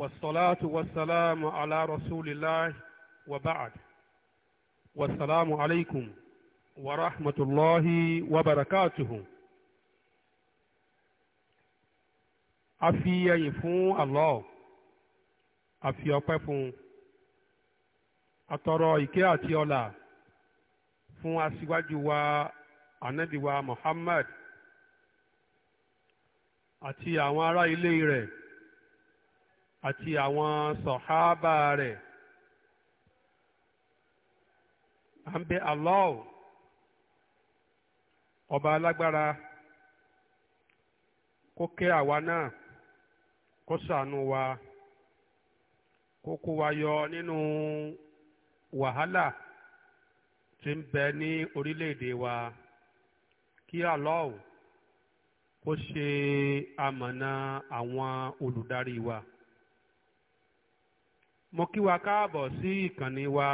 والصلاة والسلام على رسول الله وبعد والسلام عليكم ورحمة الله وبركاته afi ẹyìn fún Allah afi ọpẹ́ fún atọrọ ìkẹ́ àti ọlà fún aṣíwájú wa anabiwa Muhammad àti àwọn ará ilé rẹ̀ àti àwọn sọ̀hábà rẹ̀ à ń bẹ Allah ọba alágbára kó kẹ́ àwa náà kó sànú wa kó kó wa yọ nínú wàhálà tí ń bẹ ní orílẹ̀-èdè wa kí Allah kó ṣe amọ̀nà àwọn olùdarí wa. mo kí wa káàbọ̀ sí ìkànnì wa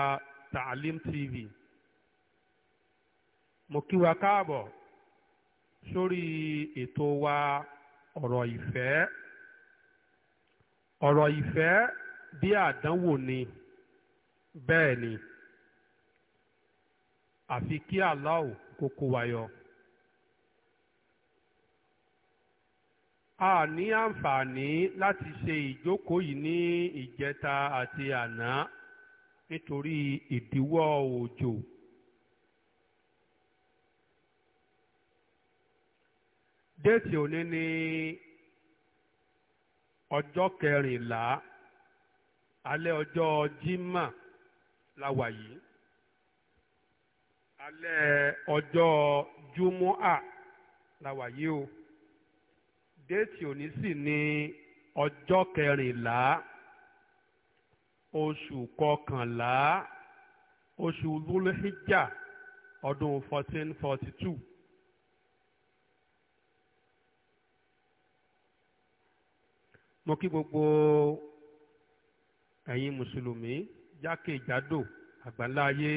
Taalim TV mo kí wa káàbọ̀ sórí ètò wa ọ̀rọ̀ ìfẹ́ ọ̀rọ̀ ìfẹ́ bí àdánwò ni bẹ́ẹ̀ ni àfi kí Allah kókó wa yọ. a ní àǹfààní láti ṣe ìjókòó yìí ní ìjẹta àti àná nítorí ìdíwọ́ òjò. déètì òní ní ọjọ́ kẹrìnlá alẹ́ ọjọ́ jímà la wà yìí alẹ́ ọjọ́ júmọ́à la wà yìí o. déètì òní sì ni ọjọ́ kẹrìnlá oṣù kọkànlá oṣù lulhijjá ọdún fourteen forty two. mo kí gbogbo ẹ̀yin mùsùlùmí jákèjádò àgbáláyé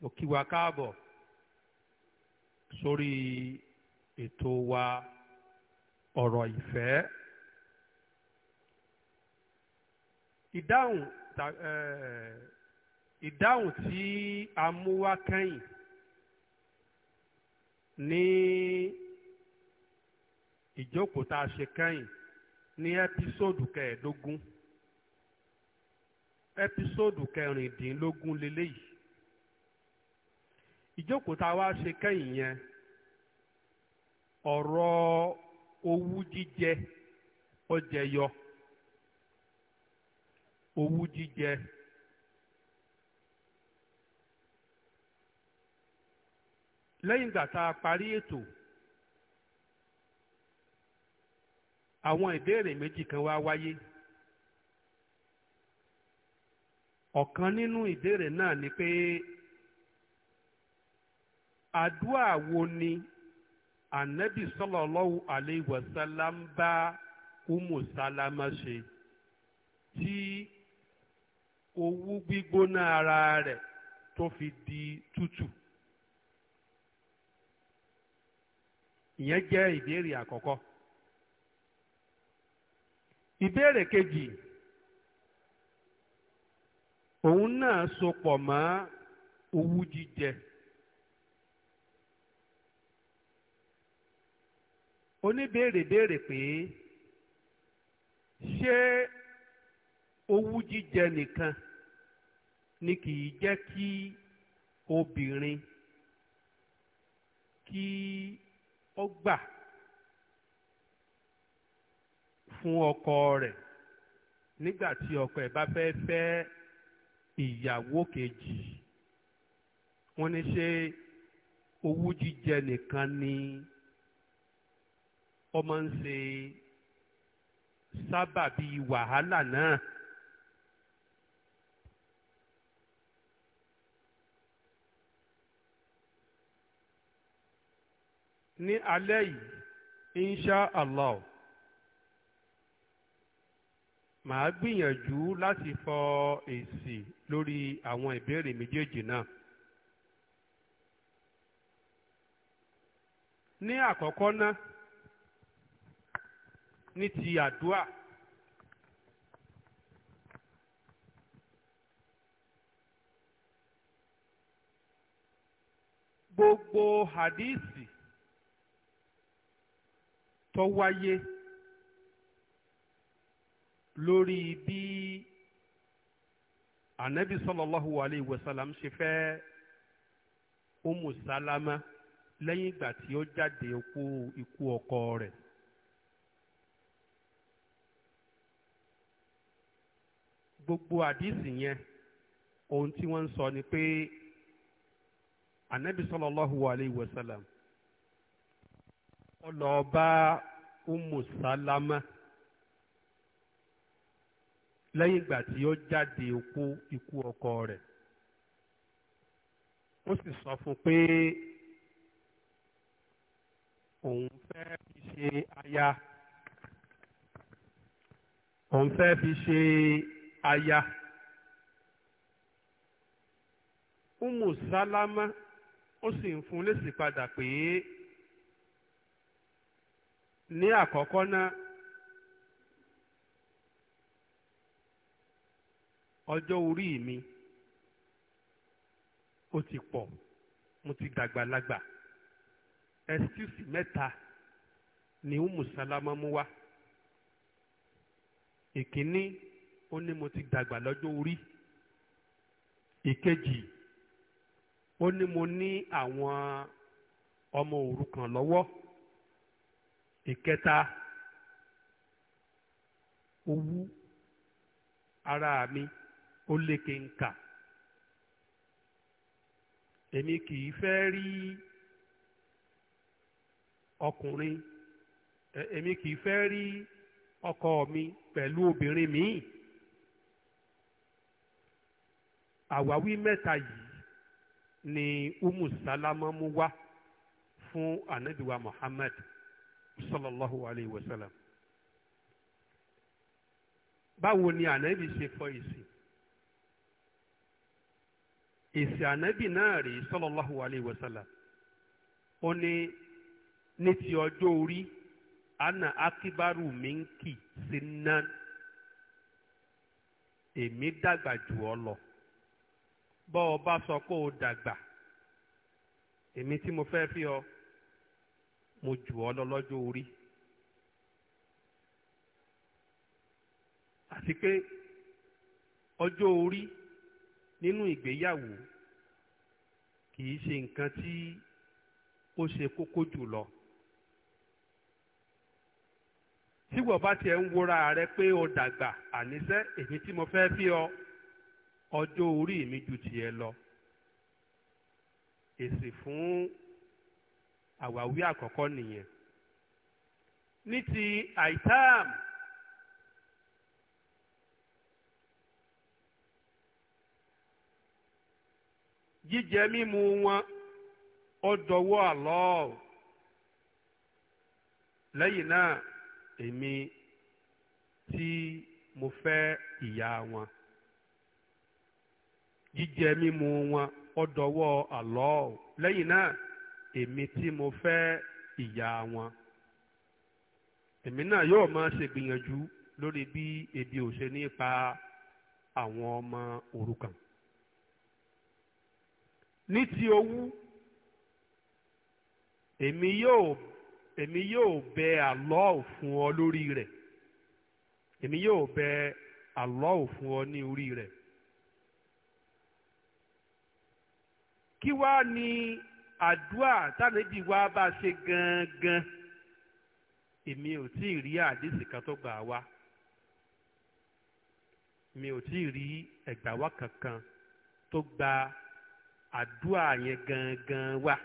mo kí wa káàbọ̀ sórí ètò wa ọ̀rọ̀ ìfẹ́. ìdáhùn ìdáhùn tí a mú wá kẹ́yìn ní ìjókòó tá a ṣe kẹ́yìn ní ẹ́písòdù kẹẹ̀ẹ́dógún ẹ́písòdù kẹrìndínlógún lélẹ́yìí ìjókòó tá a wá ṣe kẹ́yìn yẹn. ọ̀rọ̀ owú jíjẹ ó yọ owú jíjẹ lẹ́yìn ìgbà tá a parí ètò àwọn ìbéèrè méjì kan wá wáyé ọ̀kan nínú ìbéèrè náà ni pé àdúrà wo ni ànábì sallallahu alayhi wa sallam ń umu salama ṣe tí owu gbígbóná ara rẹ tó fi di tútù. ìyẹn jẹ́ ìbéèrè àkọ́kọ́. ìbéèrè kejì òun náà sopọ pọ̀ mọ́ jíjẹ. oníbèrè béèrè pé ṣé owú jíjẹ nìkan ni kì í jẹ́ kí obìnrin kí ó gbà fún ọkọ rẹ̀ nígbà tí ọkọ ẹ̀ bá fẹ́ fẹ́ ìyàwó kejì wọ́n ní ṣé owú jíjẹ nìkan ni. Ṣé, ọmọ nse ń ṣe wàhálà náà. ní alẹ́ yìí insha màá gbìyànjú láti fọ èsì lórí àwọn ìbéèrè méjèèjì náà. ní àkọ́kọ́ náà ní ti gbogbo hadisi tó wáyé lórí bí anabi sallallahu alayhi wa sallam ṣe fẹ́ umu salama lẹ́yìn ìgbà tí ó jáde okú ikú ọkọ rẹ̀. gbogbo àdìsí yẹn ohun tí wọ́n ń sọ ni pé anabi sallallahu alayhi wa sallam ó lọ bá umu salama lẹ́yìn ìgbà tí ó jáde òkú ikú ọkọ rẹ̀ ó sì sọ fún pé òun fẹ́ fi ṣe aya òun fẹ́ fi ṣe. aya umu salama ó sì ń fún lésì padà pé ní àkọ́kọ́ náà ọjọ́ orí mi ó ti pọ̀ mo ti dàgbàlagbà excuse mẹ́ta ni umu salama mú wá ìkíní. ó ní mo ti dàgbà lọ́jọ́ orí ìkejì ó ní mo ní àwọn ọmọ òrukàn lọ́wọ́ ìkẹta owú ara mi ó léke nkà èmi kì í fẹ́ rí ọkùnrin èmi kì í fẹ́ rí ọkọ mi pẹ̀lú obìnrin míì. àwáwí mẹ́ta yìí ni umu salama mú wá fún anabiwa muhammad sallallahu alayhi wa sallam báwo ni ànábì ṣe fọ̀ èsì èsì ànábì náà rèé sọlọ́láhu alayhi wa sallam ó ní ní ti ọjọ́ orí ana akibaru minki sinan èmi dàgbà jù ọ́ lọ bọ́ ọ bá sọ pé o dàgbà èmi tí mo fẹ́ fi ọ mo jù ọ lọ́jọ́ orí àti pé ọjọ́ orí nínú ìgbéyàwó kì í ṣe nǹkan tí ó ṣe kókó jùlọ tí wọ́n bá tiẹ̀ ń wora rẹ pé o dàgbà èmi tí mo fẹ́ fi ọ. ọjọ́ orí mi ju tiẹ̀ lọ èsì fún àwáwí àkọ́kọ́ nìyẹn ní ti àìtáàmù jíjẹ mímu wọn ó dọwọ́ àlọ́ lẹ́yìn náà èmi tí mo fẹ́ ìyá wọn. jíjẹ mímu wọn ọdọwọ àlọ lẹ́yìn náà èmi tí mo fẹ́ ìyá wọn èmi náà yóò máa gbìyànjú lórí bí ebi ò ṣe ní pa àwọn ọmọ òrukàn ní ti owú èmi yóò èmi yóò bẹ àlọ ọ lórí rẹ èmi yóò bẹ fún ọ ní orí kí wá ní àdúà tánàbí wá bá ṣe gangan èmi ò tí ì rí àdìsí kan tó gbà wá mi ò tí ì rí ẹ̀gbà wá kankan tó gba àdúà yẹn gangan wá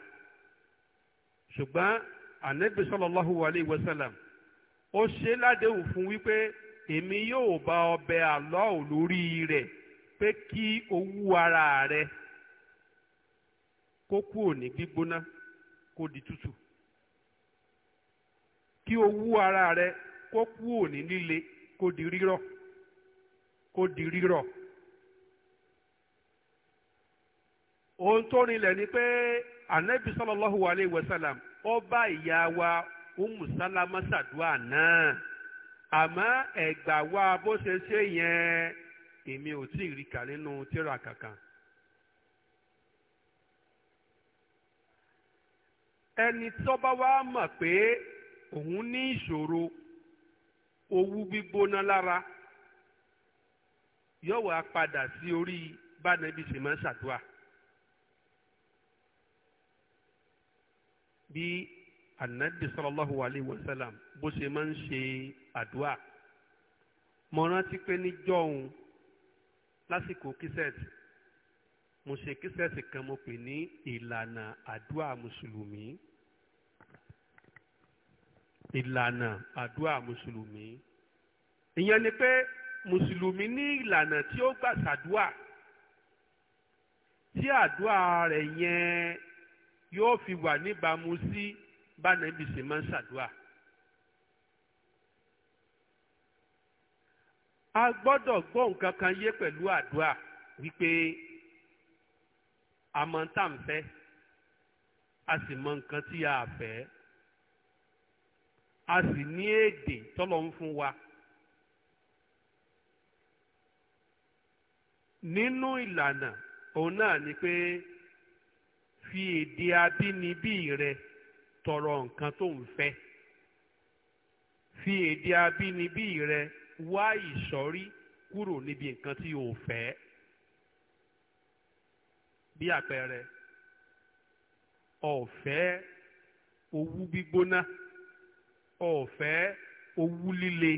ṣùgbọ́n ànábì sallallahu alayhi wa sallam ó ṣe ládéhùn fún wípé èmi yóò bá ọ bẹ Allah rẹ̀ pé kí o ara rẹ̀. kó kúrò ní gbígbóná kó di tútù kí o wú ara rẹ kó kúrò ní líle kó di rírọ̀ kó di rírọ̀ ohun tó rinlẹ̀ ni pé anabi sallallahu alayhi wa sallam ó bá ìyá wa umu salama ṣàdúrà náà àmọ́ ẹ̀gbà wa bó ṣe ṣe yẹn èmi ò tí ì rí kà nínú kankan. ẹni tó bá wá mọ̀ pé òun ní ìṣòro owú gbígbóná lára yóò wá padà sí orí bánẹbí ṣe máa ń ṣàdúrà bí anabi sallallahu alayhi wa sallam bó ṣe máa ń ṣe àdúrà mo rántí pé níjọ́ òun lásìkò kíṣẹ́ẹ̀tì mo ṣe kíṣẹ́sì kan mo pè ní ìlànà àdúrà mùsùlùmí ìlànà àdúrà mùsùlùmí ìyẹn ni pé mùsùlùmí ní ìlànà tí ó gbà ṣàdúà tí àdúà rẹ̀ yẹn yóò fi wà níbàámu sí bánàbí ṣe máa ń ṣàdúà. a gbọ́dọ̀ gbọ́ nǹkan kan yé pẹ̀lú àdúà wípé a mọ̀ tá à ń a sì mọ̀ nǹkan tí a fẹ́ a sì ní èdè tọ́lọ̀ ń fún wa. nínú ìlànà òun náà ni pé fi èdè abínibí rẹ tọrọ nǹkan tó ń fẹ́ fi èdè abínibí rẹ wá ìsọ̀rí kúrò níbi nǹkan tí o fẹ́ bí àpẹẹrẹ ọ̀fẹ́ owú gbígbóná ọ̀fẹ́ owú líle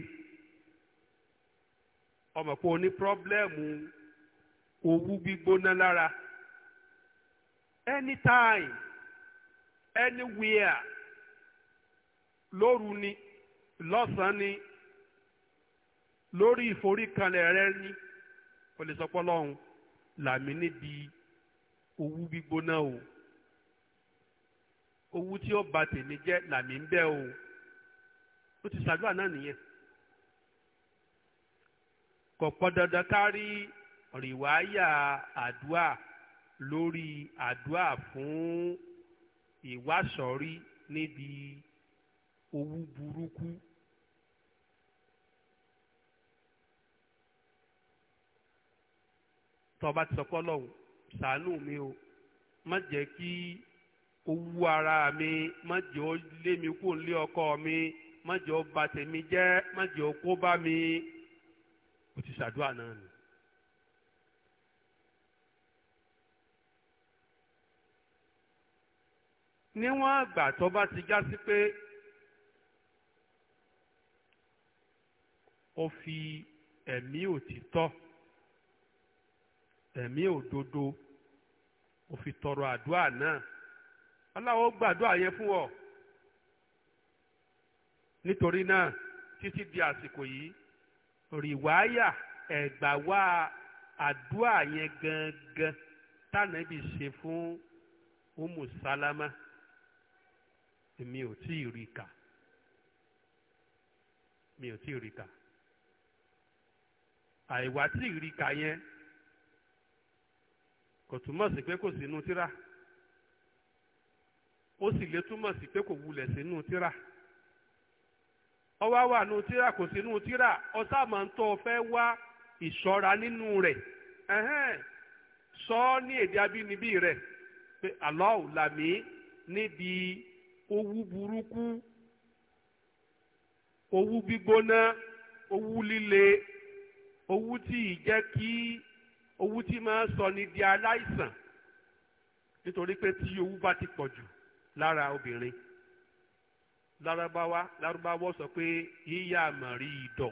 ọmọ pé o ní pírọ́blẹ́mù owú gbígbóná lára anytime anywhere lóru ni lọ́sàn-án ni lórí ìforíkanlẹ̀ rẹ ni o lè sọ pé ọlọ́run làmì níbi owú gbígbóná o owú tí ó ba tèmi jẹ́ làmì ń bẹ́ o ó ti ṣàdúrà náà nìyẹn kò pọn dandan ká rí rìwáyà àdúà lórí àdúà fún ìwásọ̀rí níbi owú burúkú. tọ́ba ti sọ pé ọlọ́run ṣàánú mi o má jẹ́ kí owó ara mi má jẹ́ ó lé mi kó lé ọkọ mi má jẹ́ ó bà tèmi jẹ́ má jẹ́ ó kó bá mi ó ti ṣàdúrà náà nù. níwọ̀n àgbà tó bá ti já sí pé ó fi ẹ̀mí òtítọ́ ẹ̀mí òdodo ó fi tọrọ àdúrà náà Allah ó gbàdúrà yẹn fún ọ nítorí náà títí di àsìkò yìí rìwáyà ẹ̀gbàwá àdúrà yẹn gangan tánàbì ṣe fún umu salama èmi ò tí ì rí kà mi ò tí ì rí kà àìwá tí ì rí kà yẹn kò túmọ̀ sí pé kò sínú tírà ó sì lè túmọ̀ sí pé kò wulẹ̀ sínú tírà ọwọ́ wà nù tírà kò sínú tírà ọ̀sá máa ń tọ́ fẹ́ wá ìṣọ́ra nínú rẹ̀ ẹ̀hẹ́n sọ ní èdè abínibí rẹ̀ pé Allah làmí níbi owú burúkú owú gbígbóná owú líle owú tí ì jẹ́ kí. owú tí máa ń sọ ni di aláìsàn nítorí pé tí owú bá ti pọ̀ jù lára obìnrin lárúbáwá lárúbáwá sọ pé yíyá àmọ̀rí ìdọ̀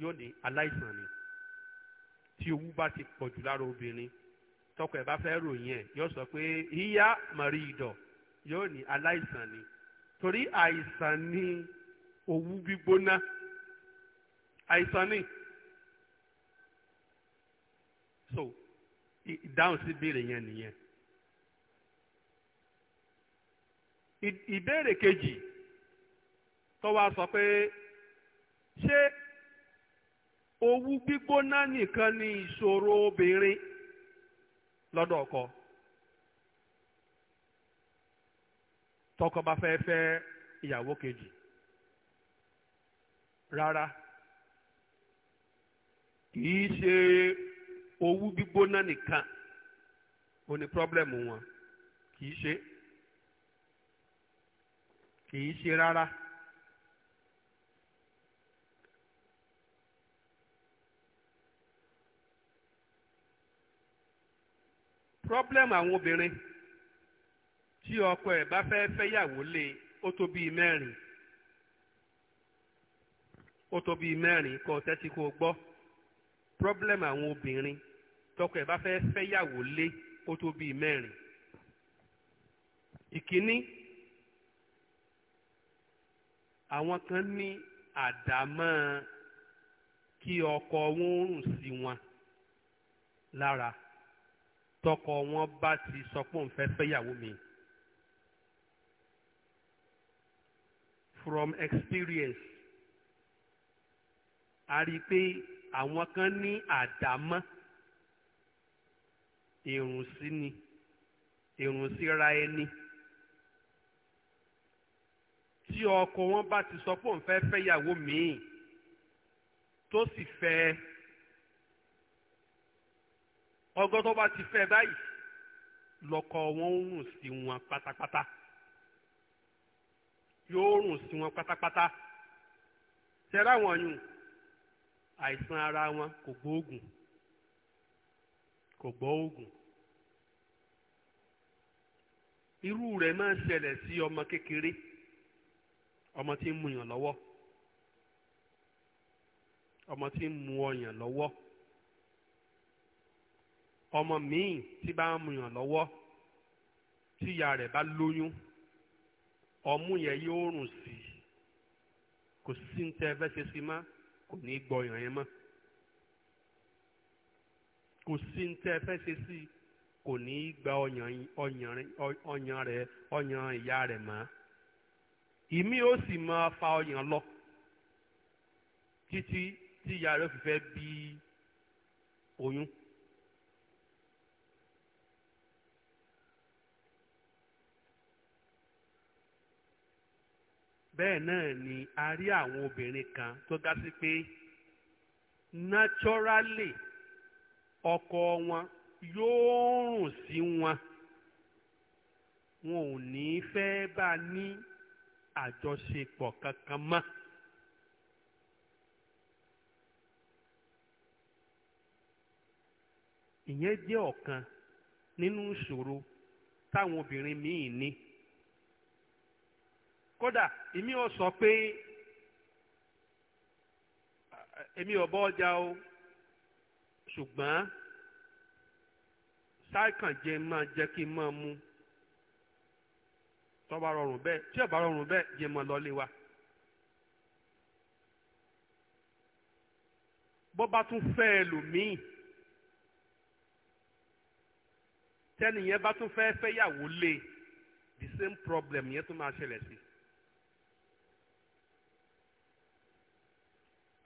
yóò ní aláìsàn ni tí owú bá ti pọ̀ jù lára obìnrin tọkọ ẹ̀ bá fẹ́ ròyìn ẹ̀ yóò sọ pé yíyá àmọ̀rí ìdọ̀ yóò ní aláìsàn ni torí àìsàn ni owú gbígbóná àìsàn ni. so ìdáhùn sí ìbéèrè yẹn nìyẹn. ìbéèrè kejì tó wá sọ pé ṣé owú gbígbóná nìkan ni ìṣòro obìnrin lọ́dọ̀ ọkọ tọkọ bá fẹ́ fẹ́ ìyàwó kejì rárá kì í ṣe owu gbígbóná nìkan ó ní pírọ́blẹ́mù wọn kì í ṣe kì ṣe rárá. pírọ́blẹ́mù àwọn obìnrin tí ọkọ ẹ̀ bá fẹ́ fẹ́yàwó lé ó tó bíi mẹ́rin ó tó bíi mẹ́rin kọ́ tọkọ ẹ̀ bá fẹ́ fẹ́yàwó lé kó tó bíi mẹ́rin ìkíní àwọn kan ní àdámọ́ kí ọkọ wọn rùn sí wọn lára tọkọ wọn bá ti sọ pé òun fẹ́ fẹ́yàwó mi. from experience a rí i pé àwọn kan ní àdámọ́ ìrùn sí ni ìrùn síra ẹni tí ọkọ wọn bá ti sọ pé òun fẹ́ fẹ́ yàwó míì tó sì fẹ́ ọgọ́ tó bá ti fẹ́ báyìí lọ́kọ wọn ń rùn sí wọn pátápátá yóò rùn sí wọn pátápátá tẹ́lá wọn yùn àìsàn ara wọn kò gbóògùn kò gbọ́ oògùn irú rẹ̀ máa ń ṣẹlẹ̀ sí ọmọ kékeré ọmọ tí ń mu yàn lọ́wọ́ ọmọ tí ń mu ọyàn lọ́wọ́ ọmọ míì tí bá ń mu yàn lọ́wọ́ tí rẹ̀ bá lóyún ọmú yẹn yóò rùn sí kò sí ní tẹ́ fẹ́ ṣe sí má kò ní gbọ́yàn yẹn mọ́. kò sí ní tẹ́ ẹ fẹ́ ṣe sí kò ní í gba ọyàn rẹ ọyàn ìyá rẹ̀ mọ́ ìmí ó sì máa fa ọyàn lọ títí tí ìyá fẹ́ bí oyún. bẹ́ẹ̀ náà ni a rí àwọn obìnrin kan tó dá sí pé naturally ọkọ wọn yóò rùn sí wọn wọn ò ní fẹ́ bá ní àjọṣepọ̀ kankan mọ́. ìyẹn jẹ́ ọ̀kan nínú ìṣòro táwọn obìnrin míì ní. kódà èmi ò sọ pé èmi ò bọ́ ọjà o. ṣùgbọ́n ṣáìkànjẹ máa jẹ́ kí n máa mu tó bá rọrùn bẹ́ẹ̀ tí ó bá rọrùn bẹ́ẹ̀ jẹ́ máa lọ lé wa. bó bá tún fẹ́ ẹlòmíì tẹ́nìyẹn bá tún fẹ́ fẹ́yàwó lé the same problem yẹn tún máa ṣẹlẹ̀ sí.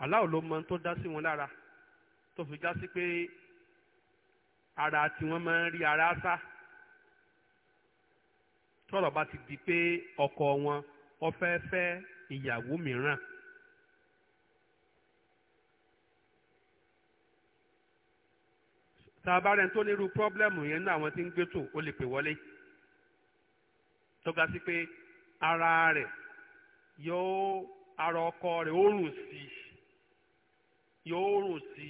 aláwo ló mọ tó dá sí wọn lára tó fi já sí pé ara tiwọn máa ń rí ara sá tọ́rọ̀ bá ti di pé ọkọ wọn ó fẹ́ fẹ́ ìyàwó mìíràn. tàbá rẹ̀ tó nírú pọ́blẹ́mù yẹn ní àwọn tí ń gbẹ́tò ó lè pè wọlé tọ́ka sí pé ara rẹ̀ yóò ara ọkọ rẹ̀ ó rùn sí yóò rùn sí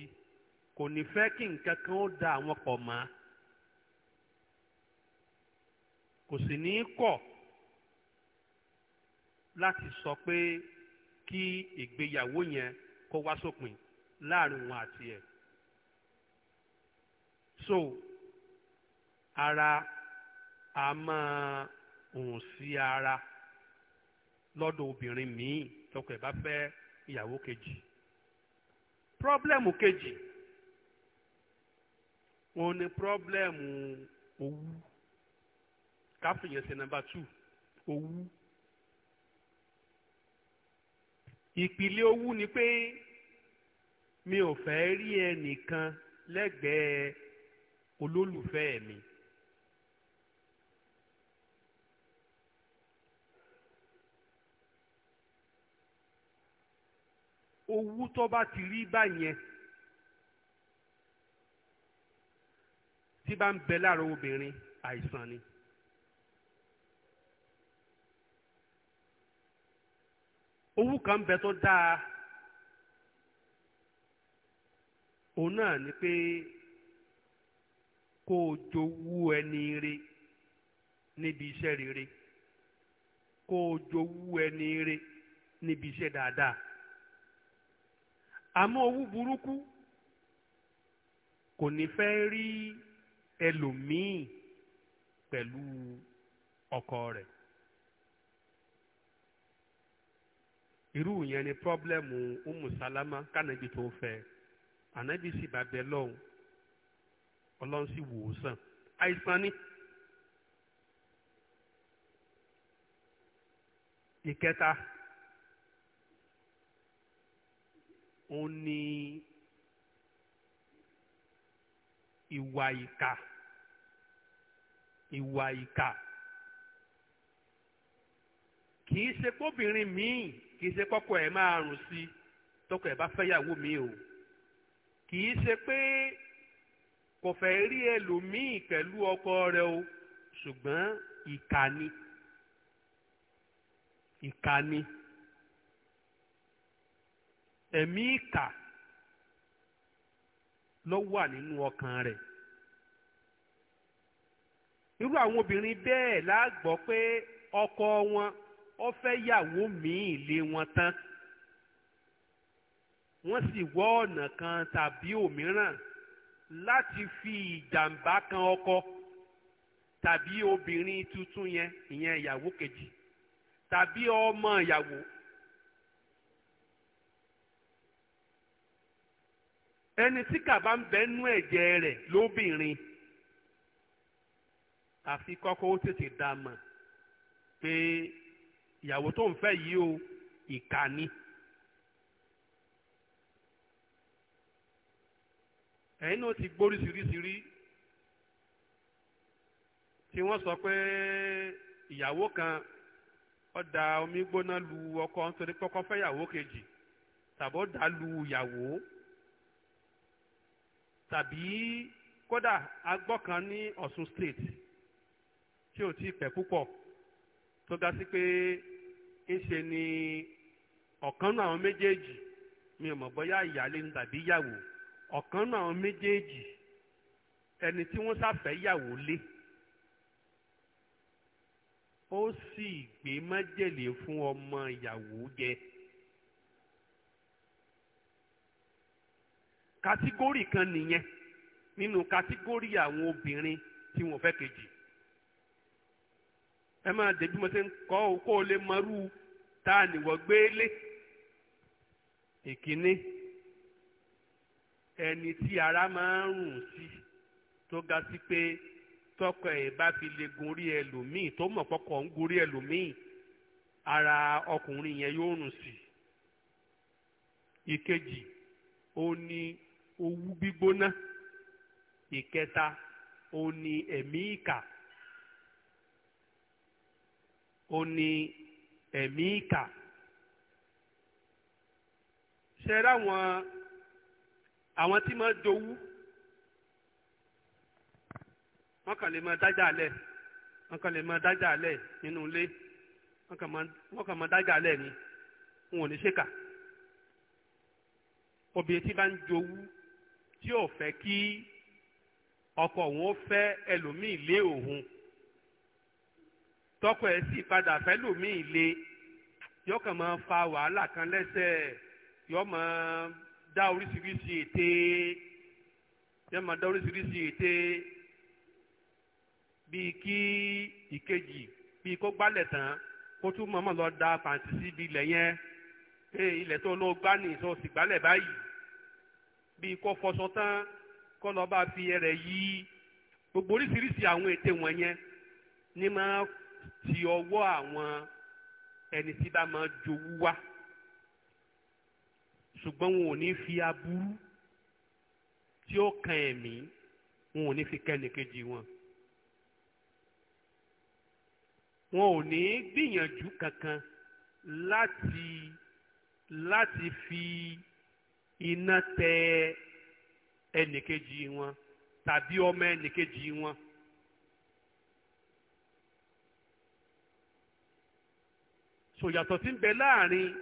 kò ní fẹ́ kí nǹkan kan ó da àwọn pọ̀ mọ́ kò sì ní kọ̀ láti sọ pé kí ìgbéyàwó yẹn kó wá sópin láàrin wọn àti e so ara a máa hùn sí ara lọ́dọ̀ obìnrin míì tọkọ ẹ̀ bá fẹ́ ìyàwó kejì problem kejì. òun ni pírọ́blẹ́mù owú káfíń yẹn ṣe nàmbà tù owú. ìpìlẹ̀ owú ni pé mi ò fẹ́ rí ẹnìkan lẹ́gbẹ̀ẹ́ olólùfẹ́ mi. owú tó bá ti rí báyẹn tí bá ń bẹ lára obìnrin àìsàn ni. owó kan bẹ tó dáa òun náà ni pé kó o jowú ẹni re níbi iṣẹ́ rere kó o jowú ẹni re níbi iṣẹ́ dáadáa àmọ́ owó burúkú kò ní fẹ́ rí ẹlòmíì pẹ̀lú ọkọ rẹ̀ irú yẹn ni pọ́blẹ́mù umu salama kánàbí tó fẹ́ ànábì sì bá bẹ lọ́hùn ọlọ́run sì wò ó sàn àìsàn ni. ìkẹta òun ni ìwà ìkà ìwà ìkà kìí ṣe kóbìnrin míì kìí ṣe kọ́kọ ẹ̀ máa rùn sí tọkọ ẹ̀ bá fẹ́yàwó mi o kìí ṣe pé kò fẹ́ rí ẹlòmíì pẹ̀lú ọkọ rẹ o ṣùgbọ́n ìkà ni ìkà ni ẹ̀mí ìkà. E ló wà nínú ọkàn rẹ̀ irú àwọn obìnrin bẹ́ẹ̀ láàgbọ́ pé ọkọ wọn ó fẹ́ yàwó míì lé wọn tán wọ́n sì wọ́ ọ̀nà kan tàbí òmíràn láti fi ìjàmbá kan ọkọ tàbí obìnrin tuntun yẹn ìyẹn ìyàwó kejì tàbí ọmọ ìyàwó ẹni tí kàbá ń bẹ nú ẹ̀jẹ̀ rẹ̀ lóbìnrin àfi kọ́kọ́ ó tètè dá a mọ̀ pé ìyàwó tó ń fẹ́ yìí o ìkà ni. ẹ̀yin náà ti gbórí sírísírí tí wọ́n sọ pé ìyàwó kan ó da omi gbóná lu ọkọ nítorí pé ọkọ fẹ́ ìyàwó kejì tàbí ó dà lu ìyàwó tàbí kódà agbọ́ kan ní Ọ̀ṣun state tí ò tí pẹ́ púpọ̀ tó ga sí pé ńṣe ni ọ̀kan náà àwọn méjèèjì mi ò mọ̀ bóyá ìyáálé ni tàbí ìyàwó ọ̀kan náà àwọn méjèèjì ẹni tí wọ́n sáfẹ́ ìyàwó lé ó sì gbé májèlé fún ọmọ ìyàwó jẹ. kátígórì kan nìyẹn nínú kátígórì àwọn obìnrin tí wọ́n fẹ́ kejì ẹ máa dé bí mo ṣe ń kọ́ ọ kó o lè mọrú tá a nìwọ gbélé ìkíní ẹni tí ara máa ń rùn sí tó ga sí pé tọkọ ẹ bá fi lè gorí ẹlòmíì tó mọ̀ pọ́kọ̀ ń gorí ẹlòmíì ara ọkùnrin yẹn yóò rùn sí ìkejì ó ní owú gbígbóná ìkẹta òun ni ẹ̀mí ìkà òun ni ẹ̀mí ìkà ṣe ráwọn àwọn tí máa dowú wọ́n kàn lè máa dájà alẹ́ wọ́n kàn lè máa dájà alẹ́ nínú ilé wọ́n kàn máa dájà alẹ́ ni wọn ò ní ṣèkà obìnrin tí bá ń jowú tí ò fẹ́ kí ọkọ òun ó fẹ́ ẹlòmíì lé òun tọkọ ẹ̀ sì padà fẹ́ lòmíì lé yóò kàn máa fa wàhálà kan lẹ́sẹ̀ yóò máa dá oríṣiríṣi ète yóò máa dá oríṣiríṣi ète bíi kí ìkejì bíi kó gbálẹ̀ tán kó tún mọ̀mọ́ lọ da pàǹtí síbi ilẹ̀ yẹn pé ilẹ̀ tó lọ gbá nìyí tó sì gbálẹ̀ báyìí bíi kó fọṣọ tán kó lọ bá fi ẹrẹ̀ yí gbogbo oríṣiríṣi àwọn ète wọ̀nyẹn ní máa ti ọwọ́ àwọn ẹni tí bá máa jowú wá ṣùgbọ́n wọn ò ní fi aburú tí ó kan ẹ̀mí wọn ò ní fi kẹ́nìkejì wọn wọn ò ní gbìyànjú kankan láti láti fi iná tẹ ẹnìkejì wọn tàbí ọmọ ẹnìkejì wọn. sòyàtọ̀ ti ń bẹ láàrin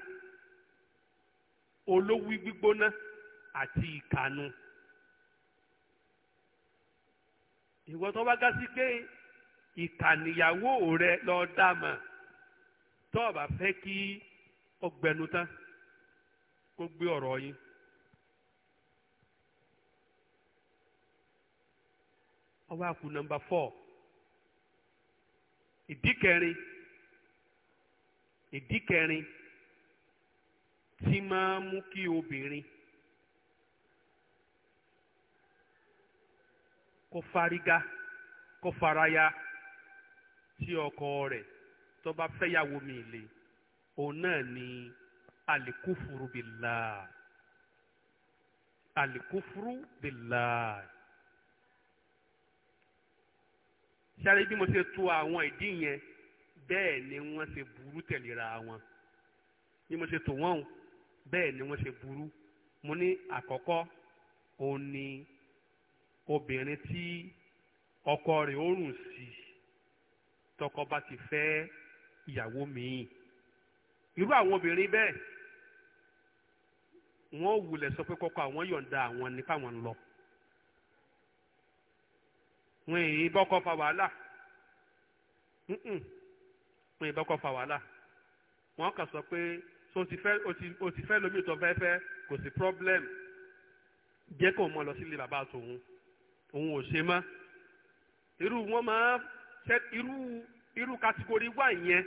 olówí gbígbóná àti ìkànnù. ìwọ tó bá gá sí pé ìkànnìyàwó rẹ lọ dá mọ̀ tó o bá fẹ́ kí ọgbẹnu tán kó gbé ọ̀rọ̀ yín. ọwọ́ àkù nọmba four ìdí kẹrin ìdí kẹrin tí máa mú kí obìnrin kó fárígá kó faraya tí ọkọ rẹ̀ tó bá fẹ́yàwó mi lè òun náà ni alikufuru billah alikufuru billah. sẹ́rí bí mo ṣe tu àwọn ìdí yẹn bẹ́ẹ̀ ni wọ́n ṣe burú tẹ̀léra wọn bí mo ṣe tò wọ́n bẹ́ẹ̀ ni wọ́n ṣe burú mo ní àkọ́kọ́ òun ni obìnrin tí ọkọ rẹ̀ ó rùn sí tọkọ bá ti fẹ́ ìyàwó míì irú àwọn obìnrin bẹ́ẹ̀ wọ́n wulẹ̀ sọ pé kọ́kọ́ àwọn yọ̀ǹda àwọn nípa àwọn lọ wọn èyí bọ́kọ fa wàhálà wọn èyí bọ́kọ fa wàhálà wọn kàn sọ pé so o ti fẹ́ o ti o ti fẹ́ lómi ìtọ́ fẹ́fẹ́ kò sí problem jẹ́ kó mọ lọ sílé bàbá tòun òun ò ṣe mọ́ irú wọn máa ṣe irú irú kátígórì wà yẹn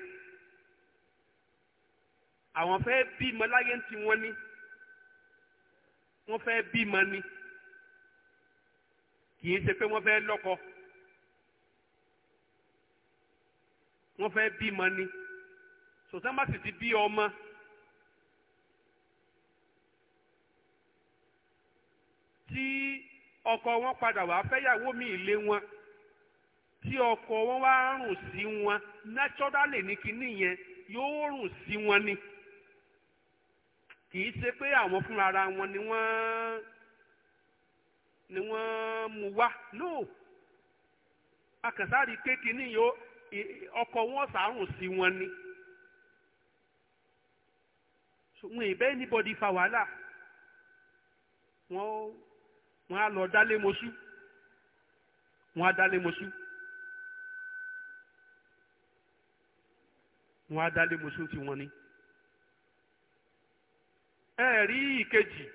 àwọn fẹ́ bímọ láyé ń ti wọ́n ní wọ́n fẹ́ bímọ ni. kì í ṣe pé wọ́n fẹ́ lọ́kọ wọ́n fẹ́ bímọ ni sọ̀tàn ti bí ọmọ. tí ọkọ wọn padà wá fẹ́yàwó mi ìlé wọn tí ọkọ wọn wá rùn sí wọn naturally ní kinní yẹn yóò rùn sí wọn ni kì í ṣe pé àwọn fúnra ara wọn ni wọ́n. Wa ni wọ́n mú wá no akànsáàrí pé kínní yóò ọkọ̀ wọn sàárùn sí wọn ni wọn ì anybody níbọ̀dì fa wàhálà wọn wọn á lọ dálé mọ́sú wọn á dálé mọ́sú wọn á dálé mọ́sú tiwọn ni ẹ̀ẹ́rí ìkejì.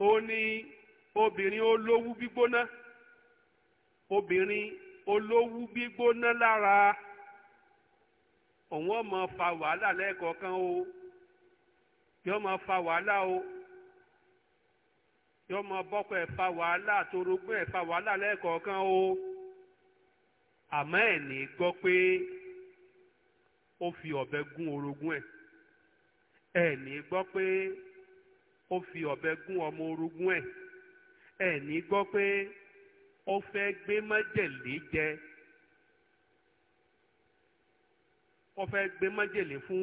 ó ní obìnrin olówú gbígbóná obìnrin olówú gbígbóná lára òun ọmọ fa wàhálà lẹ́ẹ̀kọ̀ọ̀kan o yóò ọmọ fa wàhálà o yóò ọmọ bọ́kọ ẹ̀ fa wàhálà torógún ẹ̀ fa wàhálà lẹ́ẹ̀kọ̀ọ̀kan o àmọ́ ẹ̀ ní gbọ́ pé ó fi ọ̀bẹ gún orogún ẹ̀ ẹ̀ ní gbọ́ pé. ó fi ọ̀bẹ gún ọmọ orogún ẹ̀ ẹ̀ ní gbọ́ pé ó fẹ́ gbé májèlé jẹ ó fẹ́ gbé májèlé fún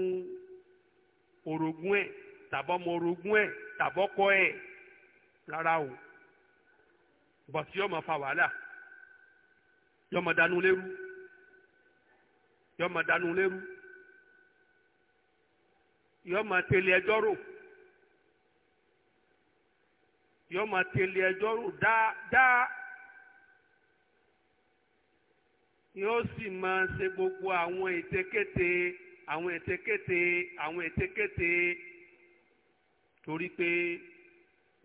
orogún ẹ̀ tàbọ́mọ orogún ẹ̀ tàbọ́kọ ẹ̀ rárá o bọ̀sí ọmọ fa wàhálà yọmọ dánú lérú yọmọ dánú lérú yọmọ tẹlẹ ẹjọ́ rò. yọ ma tẹ̀lé ẹjọ́ rò dáadáa yóò sì máa ṣe gbogbo àwọn ètekéte àwọn ètekéte àwọn ètekéte torí pé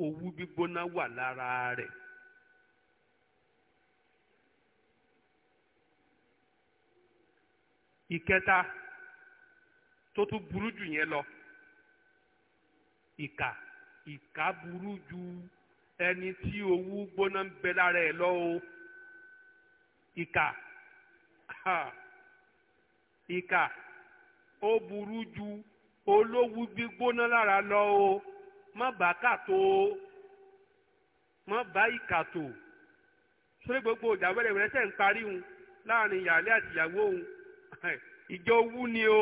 owú gbígbóná wà lára rẹ ìkẹta tó tún burú jù yẹn lọ ìkà burú jù. ẹni tí owó gbóná ń bẹ lára ẹ̀ lọ́wọ́ ìkà ìkà ó burú ju olówó gbígbóná lára lọ́wọ́ má bàá kàtó má bàá ìkàtó sórí gbogbo ìjà wẹ́rẹ́wẹ́rẹ́ tẹ̀ ń parí òun láàrin ìyáálé àti ìyàwó òun ìjọ owú ni o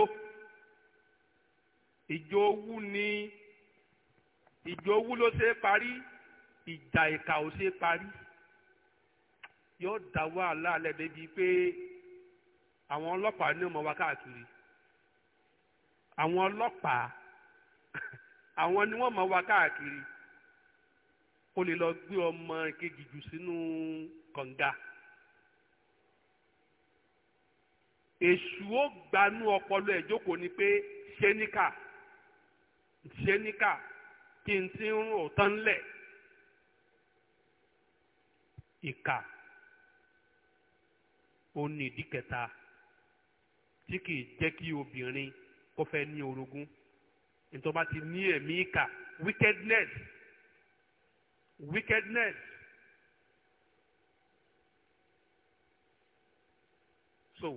ìjọ owú ni ìjọ owú ló ṣe é parí ìjà ìka ò ṣe parí yóò dá wàhálà alẹ́ débi pé àwọn ọlọ́pàá ní ọmọ wa káàkiri àwọn ọlọ́pàá àwọn ni wọ́n mọ̀ wa káàkiri kó lè lọ gbé ọmọ kejì jù sínú kànga èṣù ó gbanú ọpọlọ ẹ̀ jókòó ni pé ṣé níkà ṣé níkà kí n ti ń rò tán lẹ̀ ìkà ó ní ìdí kẹta tí kìí jẹ́ kí obìnrin kó fẹ́ ní orogún nítorí ti ní ẹ̀mí ìkà wickedness wickedness so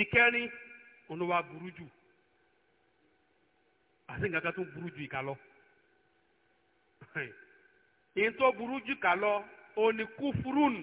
ìkẹrin olówó burú jù àti nǹkan kan tó burú jù ìkà lọ ìyẹn tó burú jù kà lọ òní kúfúrún.